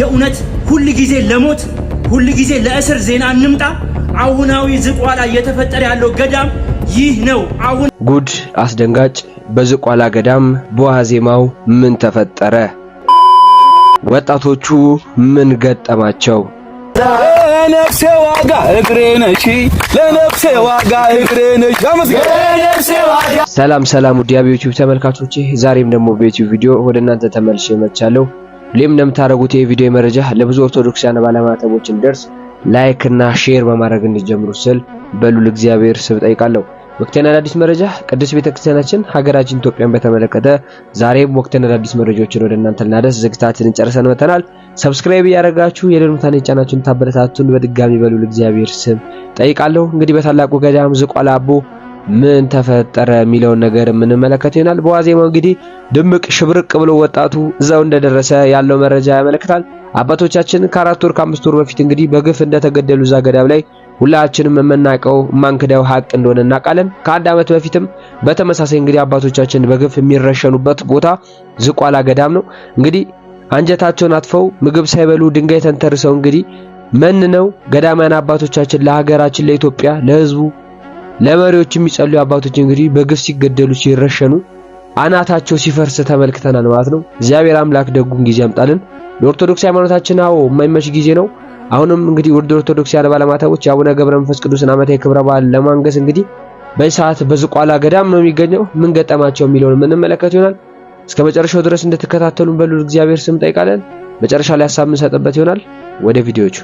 የእውነት ሁል ጊዜ ለሞት ሁል ጊዜ ለእስር ዜና እንምጣ። አሁናዊ ዝቋላ እየተፈጠረ ያለው ገዳም ይህ ነው። አሁን ጉድ አስደንጋጭ! በዝቋላ ገዳም በዋዜማው ምን ተፈጠረ? ወጣቶቹ ምን ገጠማቸው? ለነፍሴ ዋጋ እግሬ ነሽ፣ ለነፍሴ ዋጋ እግሬ ነሽ። ሰላም ሰላም፣ ውድ የዩቲዩብ ተመልካቾቼ፣ ዛሬም ደግሞ በዩቲዩብ ቪዲዮ ወደ እናንተ ተመልሼ መጥቻለሁ። ሁሌም እንደምታደርጉት የቪዲዮ መረጃ ለብዙ ኦርቶዶክሳውያን ባለማተቦች እንዲደርስ ላይክ እና ሼር በማድረግ እንዲጀምሩ ስል በሉል እግዚአብሔር ስብ ጠይቃለሁ። ወቅታዊና አዳዲስ መረጃ ቅዱስ ቤተክርስቲያናችን ሀገራችን ኢትዮጵያን በተመለከተ ዛሬም ወቅታዊና አዳዲስ መረጃዎችን ወደ እናንተ ልናደርስ ዝግታችን እንጨርሰን መተናል። ሰብስክራይብ እያደረጋችሁ የደርምታን የጫናችሁን ታበረታቱን በድጋሚ በሉል እግዚአብሔር ስም ጠይቃለሁ። እንግዲህ በታላቁ ገዳም ዝቋላ አቦ ምን ተፈጠረ የሚለውን ነገር የምንመለከት ይሆናል። በዋዜማው እንግዲህ ድምቅ ሽብርቅ ብሎ ወጣቱ እዛው እንደደረሰ ያለው መረጃ ያመለክታል። አባቶቻችን ከአራት ወር ከአምስት ወር በፊት እንግዲህ በግፍ እንደተገደሉ እዛ ገዳም ላይ ሁላችንም የምናውቀው ማንክዳው ሀቅ እንደሆነ እናውቃለን። ከአንድ ዓመት በፊትም በተመሳሳይ እንግዲህ አባቶቻችን በግፍ የሚረሸኑበት ቦታ ዝቋላ ገዳም ነው። እንግዲህ አንጀታቸውን አጥፈው ምግብ ሳይበሉ ድንጋይ ተንተርሰው እንግዲህ መን ነው ገዳማያን አባቶቻችን ለሀገራችን ለኢትዮጵያ ለሕዝቡ ለመሪዎች የሚጸልዩ አባቶች እንግዲህ በግፍ ሲገደሉ ሲረሸኑ አናታቸው ሲፈርስ ተመልክተናል ማለት ነው። እግዚአብሔር አምላክ ደጉን ጊዜ ያምጣልን ለኦርቶዶክስ ሃይማኖታችን። አዎ የማይመች ጊዜ ነው። አሁንም እንግዲህ ውድ ኦርቶዶክስ ያለ ባለማታቦች የአቡነ ገብረ መንፈስ ቅዱስን ዓመታዊ ክብረ በዓል ለማንገስ እንግዲህ በዚህ ሰዓት በዝቋላ ገዳም ነው የሚገኘው። ምን ገጠማቸው የሚለውን የምንመለከት ይሆናል። እስከ መጨረሻው ድረስ እንደተከታተሉን በሉ እግዚአብሔር ስም ጠይቃለን። መጨረሻ ላይ ሀሳብ የምንሰጥበት ይሆናል። ወደ ቪዲዮቹ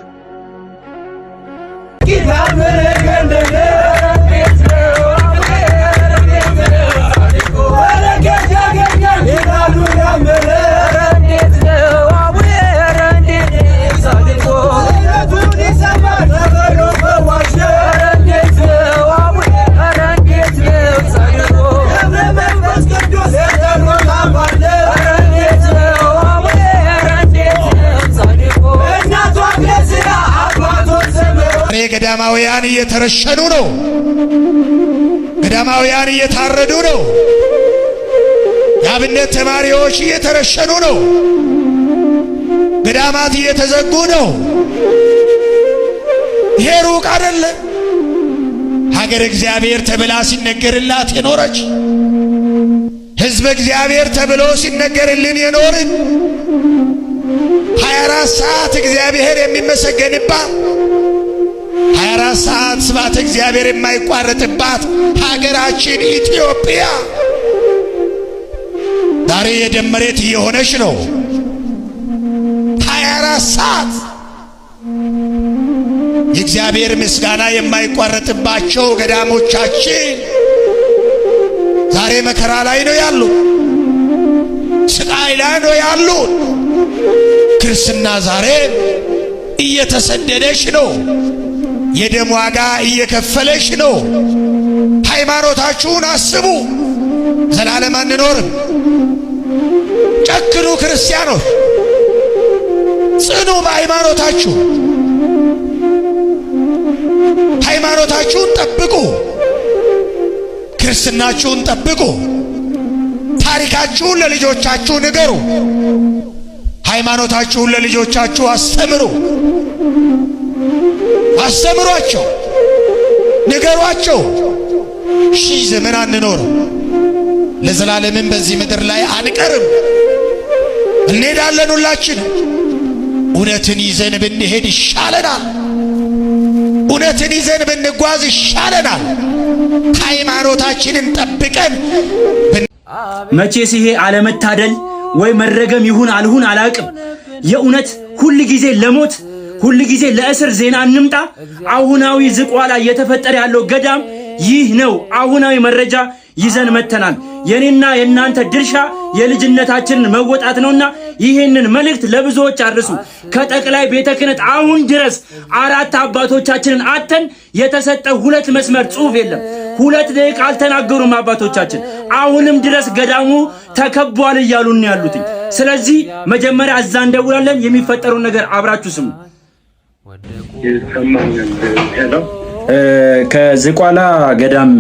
ገዳማውያን እየተረሸኑ ነው። ገዳማውያን እየታረዱ ነው። የአብነት ተማሪዎች እየተረሸኑ ነው። ገዳማት እየተዘጉ ነው። ይሄ ሩቅ አይደለም! ሀገር እግዚአብሔር ተብላ ሲነገርላት የኖረች ሕዝብ እግዚአብሔር ተብሎ ሲነገርልን የኖርን 24 ሰዓት እግዚአብሔር የሚመሰገንባት 24 ሰዓት ስብሐተ እግዚአብሔር የማይቋረጥባት ሀገራችን ኢትዮጵያ ዛሬ የደም መሬት እየሆነች ነው። 24 ሰዓት የእግዚአብሔር ምስጋና የማይቋረጥባቸው ገዳሞቻችን ዛሬ መከራ ላይ ነው ያሉ፣ ስቃይ ላይ ነው ያሉ። ክርስትና ዛሬ እየተሰደደች ነው። የደም ዋጋ እየከፈለች ነው። ሃይማኖታችሁን አስቡ። ዘላለም አንኖርም። ጨክኑ ክርስቲያኖች፣ ጽኑ በሃይማኖታችሁ። ሃይማኖታችሁን ጠብቁ፣ ክርስትናችሁን ጠብቁ። ታሪካችሁን ለልጆቻችሁ ንገሩ። ሃይማኖታችሁን ለልጆቻችሁ አስተምሩ። አስተምሯቸው፣ ንገሯቸው። ሺህ ዘመን አንኖርም፣ ለዘላለምም በዚህ ምድር ላይ አንቀርም። እንሄዳለን ሁላችን። እውነትን ይዘን ብንሄድ ይሻለናል። እውነትን ይዘን ብንጓዝ ይሻለናል። ሃይማኖታችንን ጠብቀን መቼስ ይሄ አለመታደል ወይ መረገም ይሁን አልሁን አላቅም። የእውነት ሁል ጊዜ ለሞት ሁል ጊዜ ለእስር ዜና እንምጣ። አሁናዊ ዝቋላ እየተፈጠረ ያለው ገዳም ይህ ነው። አሁናዊ መረጃ ይዘን መተናል። የኔና የእናንተ ድርሻ የልጅነታችንን መወጣት ነውና ይህንን መልእክት ለብዙዎች አድርሱ። ከጠቅላይ ቤተ ክህነት አሁን ድረስ አራት አባቶቻችንን አተን የተሰጠ ሁለት መስመር ጽሑፍ የለም። ሁለት ደቂቃ አልተናገሩም አባቶቻችን። አሁንም ድረስ ገዳሙ ተከቧል እያሉን ያሉትኝ። ስለዚህ መጀመሪያ እዛ እንደውላለን። የሚፈጠረውን ነገር አብራችሁ ስሙ። ከዝቋላ ገዳም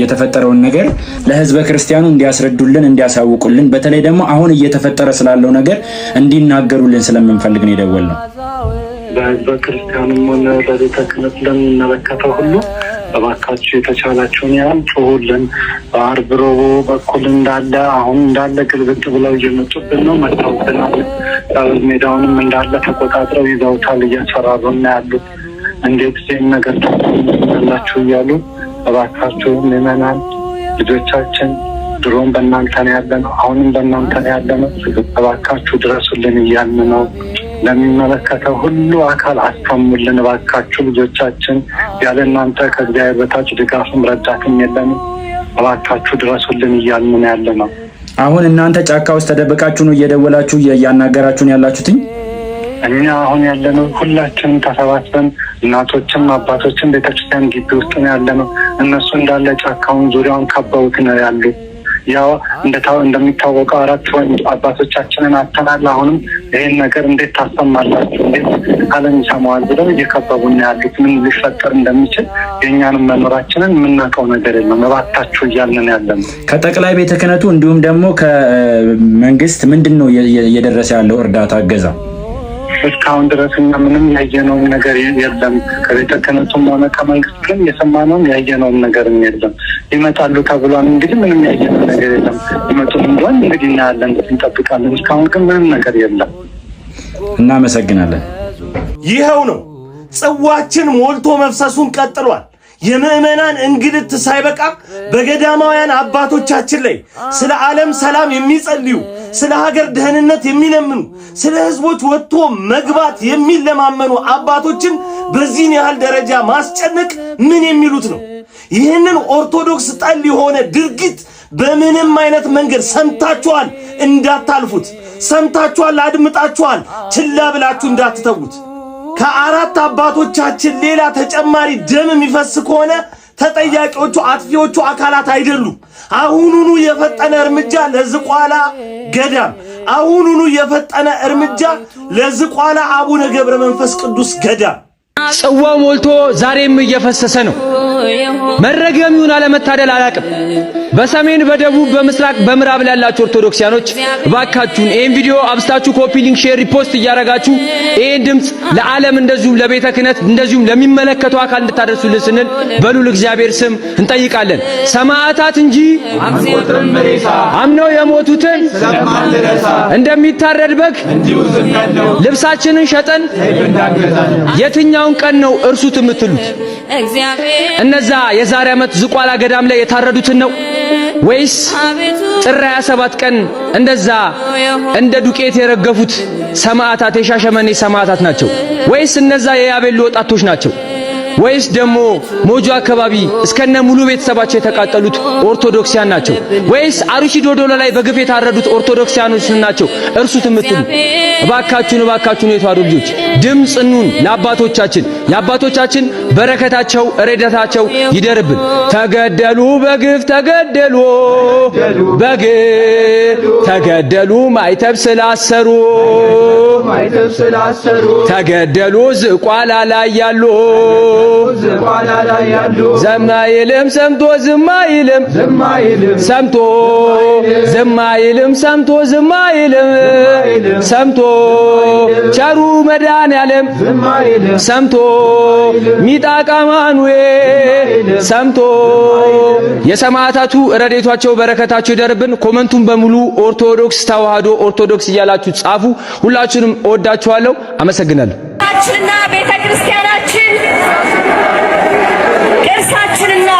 የተፈጠረውን ነገር ለህዝበ ክርስቲያኑ እንዲያስረዱልን እንዲያሳውቁልን፣ በተለይ ደግሞ አሁን እየተፈጠረ ስላለው ነገር እንዲናገሩልን ስለምንፈልግ ነው የደወልነው። ለሕዝበ ክርስቲያኑም ሆነ በቤተ ክህነት ለሚመለከተው ሁሉ እባካችሁ የተቻላቸውን ያህል ጩሁልን። በአርብ በኩል እንዳለ አሁን እንዳለ ግልብጥ ብለው እየመጡብን ነው መታወቅናለን ሜዳውንም እንዳለ ተቆጣጥረው ይዘውታል፣ እያስፈራሩ ና ያሉት እንዴት ዜም ነገር ታላችሁ እያሉ እባካችሁ ምዕመናን ልጆቻችን ድሮም በእናንተ ነው ያለ ነው፣ አሁንም በእናንተ ነው ያለ ነው፣ እባካችሁ ድረሱልን እያልን ነው። ለሚመለከተው ሁሉ አካል አሰሙልን እባካችሁ ልጆቻችን ያለ እናንተ ከእግዚአብሔር በታች ድጋፍም ረዳትም የለንም፣ እባካችሁ ድረሱልን እያልን ያለ ነው። አሁን እናንተ ጫካ ውስጥ ተደብቃችሁ ነው እየደወላችሁ እያናገራችሁን ያላችሁትኝ? እኛ አሁን ያለነው ሁላችንም ተሰባስበን እናቶችም አባቶችም ቤተክርስቲያን ግቢ ውስጥ ነው ያለነው። እነሱ እንዳለ ጫካውን ዙሪያውን ከበውት ነው ያሉት። ያው እንደሚታወቀው አራት አባቶቻችንን አተናል። አሁንም ይህን ነገር እንዴት ታሰማላችሁ? እንዴት ዓለም ይሰማዋል ብለው እየከበቡና ያሉት ምን ሊፈጠር እንደሚችል የእኛንም መኖራችንን የምናውቀው ነገር የለም። እባታችሁ እያልን ያለን ከጠቅላይ ቤተ ክህነቱ እንዲሁም ደግሞ ከመንግስት ምንድን ነው እየደረሰ ያለው እርዳታ እገዛ እስካሁን ድረስ እኛ ምንም ያየነውም ነገር የለም። ከቤተ ክህነቱም ሆነ ከመንግስት ግን የሰማነውም ያየነውም ነገርም የለም። ይመጣሉ ተብሏል። እንግዲህ ምንም ያየነው ነገር የለም። ይመጡ እንደሆን እንግዲህ እናያለን፣ እንጠብቃለን። እስካሁን ግን ምንም ነገር የለም። እናመሰግናለን። ይኸው ነው ጽዋችን ሞልቶ መፍሰሱን ቀጥሏል። የምዕመናን እንግልት ሳይበቃ በገዳማውያን አባቶቻችን ላይ ስለ ዓለም ሰላም የሚጸልዩ ስለ ሀገር ደህንነት የሚለምኑ ስለ ህዝቦች ወጥቶ መግባት የሚለማመኑ አባቶችን በዚህን ያህል ደረጃ ማስጨነቅ ምን የሚሉት ነው? ይህንን ኦርቶዶክስ ጠል የሆነ ድርጊት በምንም አይነት መንገድ ሰምታችኋል እንዳታልፉት፣ ሰምታችኋል አድምጣችኋል፣ ችላ ብላችሁ እንዳትተዉት። ከአራት አባቶቻችን ሌላ ተጨማሪ ደም የሚፈስ ከሆነ ተጠያቂዎቹ አጥፊዎቹ አካላት አይደሉም። አሁኑኑ የፈጠነ እርምጃ ለዝቋላ ገዳም፣ አሁኑኑ የፈጠነ እርምጃ ለዝቋላ አቡነ ገብረ መንፈስ ቅዱስ ገዳም። ጽዋ ሞልቶ ዛሬም እየፈሰሰ ነው። መረገሚውን አለመታደል አላቅም። በሰሜን በደቡብ በምስራቅ በምዕራብ ላይ ያላችሁ ኦርቶዶክሲያኖች እባካችሁን ይህን ቪዲዮ አብስታችሁ ኮፒ ሊንክ፣ ሼር፣ ሪፖስት እያረጋችሁ ይህን ድምፅ ለዓለም እንደዚሁም ለቤተ ክህነት እንደዚሁም ለሚመለከቱ አካል እንድታደርሱልን ስንል በሉል እግዚአብሔር ስም እንጠይቃለን። ሰማዕታት እንጂ አምነው የሞቱትን እንደሚታረድ በግ ልብሳችንን ሸጠን የትኛውን ቀን ነው እርሱት የምትሉት? እነዛ የዛሬ ዓመት ዝቋላ ገዳም ላይ የታረዱትን ነው ወይስ ጥር 27 ቀን እንደዛ እንደ ዱቄት የረገፉት ሰማዕታት የሻሸመኔ ሰማዕታት ናቸው ወይስ እነዛ የያቤሉ ወጣቶች ናቸው? ወይስ ደግሞ ሞጆ አካባቢ እስከነ ሙሉ ቤተሰባቸው የተቃጠሉት ኦርቶዶክሲያን ናቸው? ወይስ አርሺ ዶዶላ ላይ በግፍ የታረዱት ኦርቶዶክሲያኖች ናቸው? እርሱት የምትሉ እባካችሁን፣ እባካችሁን የተዋሕዶ ልጆች ድምፅ ለአባቶቻችን። የአባቶቻችን በረከታቸው ረዳታቸው ይደርብን። ተገደሉ በግፍ ተገደሉ በግፍ ተገደሉ ማይተብ ስላሰሩ ማይተብ ስላሰሩ ተገደሉ ዝቋላ ላይ ያሉ ዘማይልም ሰምቶ ዝማይልም ሰምቶ ዘማይልም ሰምቶ ዝማይልም ሰምቶ ቸሩ መዳን ያለም ሰምቶ ሚጣቃማኑዌ ሰምቶ የሰማዕታቱ ረዴቷቸው በረከታቸው ይደርብን። ኮመንቱን በሙሉ ኦርቶዶክስ ተዋህዶ ኦርቶዶክስ እያላችሁ ጻፉ። ሁላችሁንም ሁላችሁንም እወዳችኋለሁ። አመሰግናለሁ። ቤተክርስቲያናችን ቅርሳችንና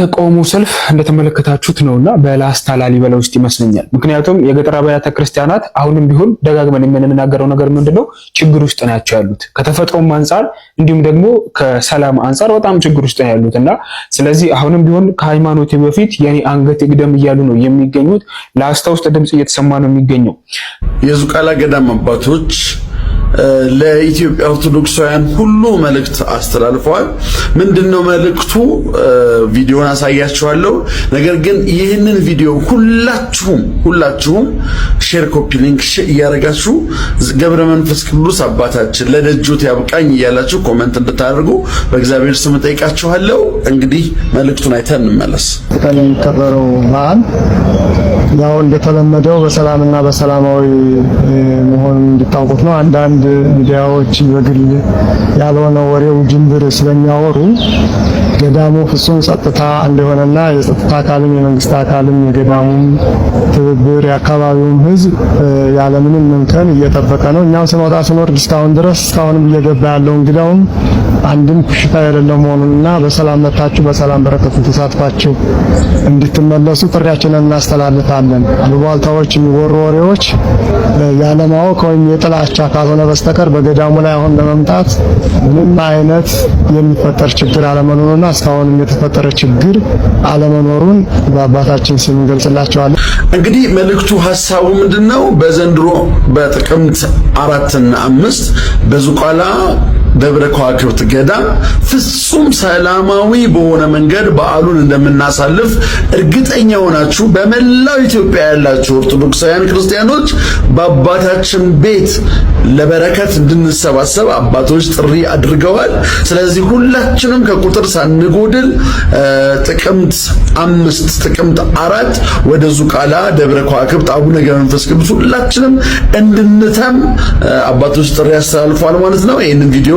የተቃውሞ ሰልፍ እንደተመለከታችሁት ነውና በላስታ ላሊበላ ውስጥ ይመስለኛል። ምክንያቱም የገጠር አብያተ ክርስቲያናት አሁንም ቢሆን ደጋግመን የምንናገረው ነገር ምንድነው ችግር ውስጥ ናቸው ያሉት ከተፈጥሮም አንጻር እንዲሁም ደግሞ ከሰላም አንጻር በጣም ችግር ውስጥ ነው ያሉት እና ስለዚህ አሁንም ቢሆን ከሃይማኖት በፊት የኔ አንገት ይቅደም እያሉ ነው የሚገኙት። ላስታ ውስጥ ድምፅ እየተሰማ ነው የሚገኘው የዙቃላ ገዳም አባቶች ለኢትዮጵያ ኦርቶዶክሳውያን ሁሉ መልእክት አስተላልፈዋል። ምንድነው መልእክቱ? ቪዲዮን አሳያችኋለሁ። ነገር ግን ይህንን ቪዲዮ ሁላችሁም ሁላችሁም ሼር፣ ኮፒ ሊንክ እያደረጋችሁ ገብረ መንፈስ ቅዱስ አባታችን ለደጆት ያብቃኝ እያላችሁ ኮመንት እንድታደርጉ በእግዚአብሔር ስም ጠይቃችኋለሁ። እንግዲህ መልእክቱን አይተን እንመለስ። ቀን የሚከበረው በዓል ያው እንደተለመደው በሰላምና በሰላማዊ መሆን እንድታውቁት ነው አንዳንድ አንዳንድ ሚዲያዎች በግል ያልሆነ ወሬው ጅንብር ስለሚያወሩ ገዳሙ ፍጹም ጸጥታ እንደሆነና የጸጥታ አካልም የመንግስት አካልም የገዳሙም ትብብር የአካባቢውም ህዝብ ያለምንም እንከን እየጠበቀ ነው። እኛም ስንወጣ ስንወርድ እስካሁን ድረስ እስካሁንም እየገባ ያለው እንግዳውም አንድም ሽታ የሌለው መሆኑንና በሰላም መታችሁ በሰላም በረከቱ ተሳትፋችሁ እንድትመለሱ ጥሪያችንን እናስተላልፋለን። አሉባልታዎች፣ የሚወሩ ወሬዎች ያለማወቅ ወይም የጥላቻ ካልሆነ በስተቀር በገዳሙ ላይ አሁን ለመምጣት ምንም አይነት የሚፈጠር ችግር አለመኖሩና እስካሁንም የተፈጠረ ችግር አለመኖሩን በአባታችን ስም እንገልጽላቸዋለን። እንግዲህ መልእክቱ ሀሳቡ ምንድነው? በዘንድሮ በጥቅምት አራትና አምስት በዝቋላ ደብረ ከዋክብት ገዳም ፍጹም ሰላማዊ በሆነ መንገድ በዓሉን እንደምናሳልፍ እርግጠኛ ሆናችሁ በመላው ኢትዮጵያ ያላችሁ ኦርቶዶክሳውያን ክርስቲያኖች በአባታችን ቤት ለበረከት እንድንሰባሰብ አባቶች ጥሪ አድርገዋል። ስለዚህ ሁላችንም ከቁጥር ሳንጎድል ጥቅምት አምስት ጥቅምት አራት ወደ ዙቃላ ደብረ ከዋክብት አቡነ ገመንፈስ ቅዱስ ሁላችንም እንድንተም አባቶች ጥሪ ያስተላልፏል ማለት ነው። ይህንን ቪዲዮ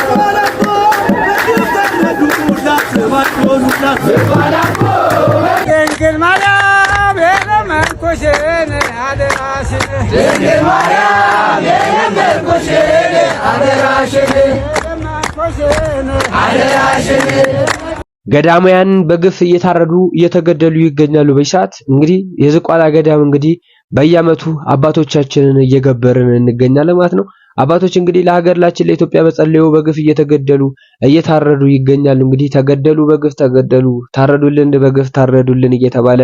ድንግል ማርያም አደራሽን አደራሽን ገዳማያን በግፍ እየታረዱ እየተገደሉ ይገኛሉ። በሰዓት እንግዲህ የዝቋላ ገዳም እንግዲህ በየዓመቱ አባቶቻችንን እየገበርን እንገኛለን ማለት ነው። አባቶች እንግዲህ ለሀገራችን ለኢትዮጵያ በጸለዩ በግፍ እየተገደሉ እየታረዱ ይገኛሉ። እንግዲህ ተገደሉ በግፍ ተገደሉ፣ ታረዱልን በግፍ ታረዱልን እየተባለ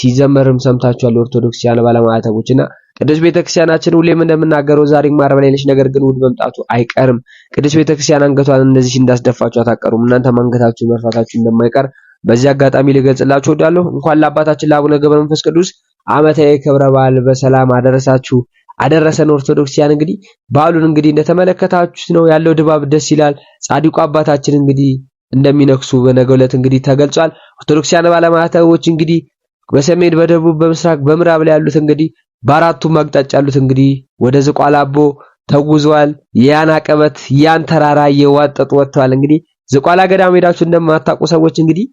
ሲዘመርም ሰምታችኋል። ኦርቶዶክስ ያለ ባለማዕተቦችና ቅዱስ ቤተክርስቲያናችን ሁሌም እንደምናገረው ዛሬ ማረብ ላይ ነች፣ ነገር ግን ውድ መምጣቱ አይቀርም። ቅዱስ ቤተክርስቲያን አንገቷን እንደዚህ እንዳስደፋችሁ አታቀሩም። እናንተም አንገታችሁ መርፋታችሁ እንደማይቀር በዚህ አጋጣሚ ልገልጽላችሁ እወዳለሁ። እንኳን ለአባታችን ለአቡነ ገብረ መንፈስ ቅዱስ ዓመታዊ ክብረ በዓል በሰላም አደረሳችሁ አደረሰን። ኦርቶዶክሲያን እንግዲህ በዓሉን እንግዲህ እንደተመለከታችሁ ነው ያለው ድባብ ደስ ይላል። ጻድቁ አባታችን እንግዲህ እንደሚነክሱ በነገው ዕለት እንግዲህ ተገልጿል። ኦርቶዶክሲያን ባለማዕተቦች እንግዲህ በሰሜን በደቡብ በምስራቅ በምዕራብ ላይ ያሉት እንግዲህ በአራቱም አቅጣጫ ያሉት እንግዲህ ወደ ዝቋላ አቦ ተጉዘዋል። ያን አቀበት ያን ተራራ እየዋጠጡ ወጥተዋል። እንግዲህ ዝቋላ ገዳም ሄዳችሁ እንደማታውቁ ሰዎች እንግዲህ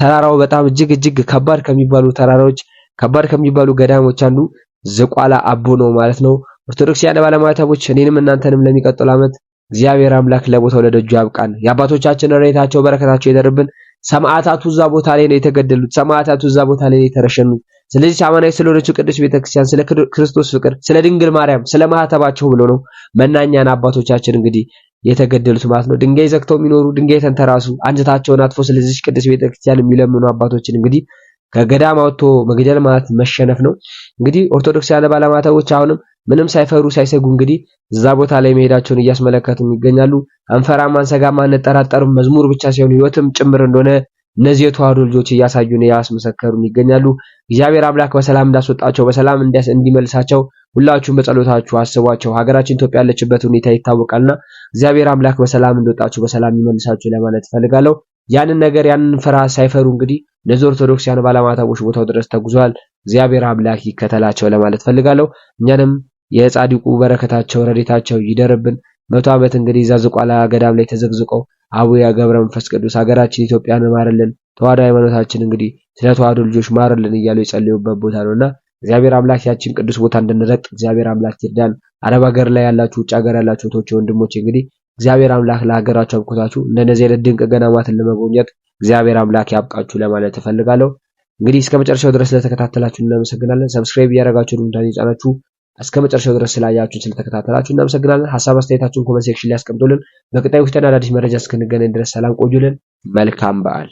ተራራው በጣም እጅግ እጅግ ከባድ ከሚባሉ ተራራዎች ከባድ ከሚባሉ ገዳሞች አንዱ ዝቋላ አቦ ነው ማለት ነው። ኦርቶዶክስያን ባለማዕተቦች እኔንም እናንተንም ለሚቀጥሉ ዓመት እግዚአብሔር አምላክ ለቦታው ለደጁ ያብቃን። የአባቶቻችን ረድኤታቸው በረከታቸው ይደርብን። ሰማዕታቱ እዛ ቦታ ላይ ነው የተገደሉት። ሰማዕታቱ እዛ ቦታ ላይ ነው የተረሸኑት። ስለዚህ አማናዊ ስለሆነችው ቅዱስ ቤተክርስቲያን፣ ስለ ክርስቶስ ፍቅር፣ ስለ ድንግል ማርያም፣ ስለ ማህተባቸው ብሎ ነው መናኛን አባቶቻችን እንግዲህ የተገደሉት ማለት ነው። ድንጋይ ዘግተው የሚኖሩ ድንጋይ ተንተራሱ አንጀታቸውን አጥፎ ስለዚህ ቅዱስ ቤተክርስቲያን የሚለምኑ አባቶችን እንግዲህ ከገዳም አውጥቶ መግደል ማለት መሸነፍ ነው። እንግዲህ ኦርቶዶክሳውያን ባለማተቦች አሁንም ምንም ሳይፈሩ ሳይሰጉ እንግዲህ እዛ ቦታ ላይ መሄዳቸውን እያስመለከቱም ይገኛሉ። አንፈራም፣ አንሰጋም፣ አንጠራጠርም መዝሙር ብቻ ሳይሆን ህይወትም ጭምር እንደሆነ እነዚህ የተዋህዶ ልጆች እያሳዩን እያስመሰከሩን ይገኛሉ። እግዚአብሔር አምላክ በሰላም እንዳስወጣቸው በሰላም እንዲመልሳቸው ሁላችሁም በጸሎታችሁ አስቧቸው። ሀገራችን ኢትዮጵያ ያለችበት ሁኔታ ይታወቃልና እግዚአብሔር አምላክ በሰላም እንደወጣችሁ በሰላም ይመልሳችሁ ለማለት እፈልጋለሁ። ያንን ነገር ያንን ፍርሃት ሳይፈሩ እንግዲህ እነዚህ ኦርቶዶክሲያን ባለማታቦች ቦታው ድረስ ተጉዟል። እግዚአብሔር አምላክ ይከተላቸው ለማለት ፈልጋለሁ እኛንም የጻድቁ በረከታቸው ረዴታቸው ይደርብን። መቶ ዓመት እንግዲህ ዛዝቋላ ገዳም ላይ ተዘግዝቀው አቡነ ገብረ መንፈስ ቅዱስ ሀገራችን ኢትዮጵያን ማርልን፣ ተዋሕዶ ሃይማኖታችን እንግዲህ ስለ ተዋሕዶ ልጆች ማርልን እያሉ የጸለዩበት ቦታ ነውና እግዚአብሔር አምላክ ያችን ቅዱስ ቦታ እንድንረግጥ እግዚአብሔር አምላክ ይርዳን። አረብ ሀገር ላይ ያላችሁ ውጭ ሀገር ያላችሁ እህቶቼ ወንድሞች እንግዲህ እግዚአብሔር አምላክ ለሀገራችሁ አብቆታችሁ እንደነዚህ አይነት ድንቅ ገዳማትን ለመጎብኘት እግዚአብሔር አምላክ ያብቃችሁ ለማለት እፈልጋለሁ። እንግዲህ እስከ መጨረሻው ድረስ ለተከታተላችሁ እናመሰግናለን። ሰብስክራይብ እያደረጋችሁ ድምዳን ይጫናችሁ እስከ መጨረሻው ድረስ ስላያችሁን ስለተከታተላችሁ እናመሰግናለን። ሀሳብ አስተያየታችሁን ኮመንት ሴክሽን ላይ አስቀምጡልን። በቀጣይ ውስጥ አዳዲስ መረጃ እስክንገናኝ ድረስ ሰላም ቆዩልን። መልካም በዓል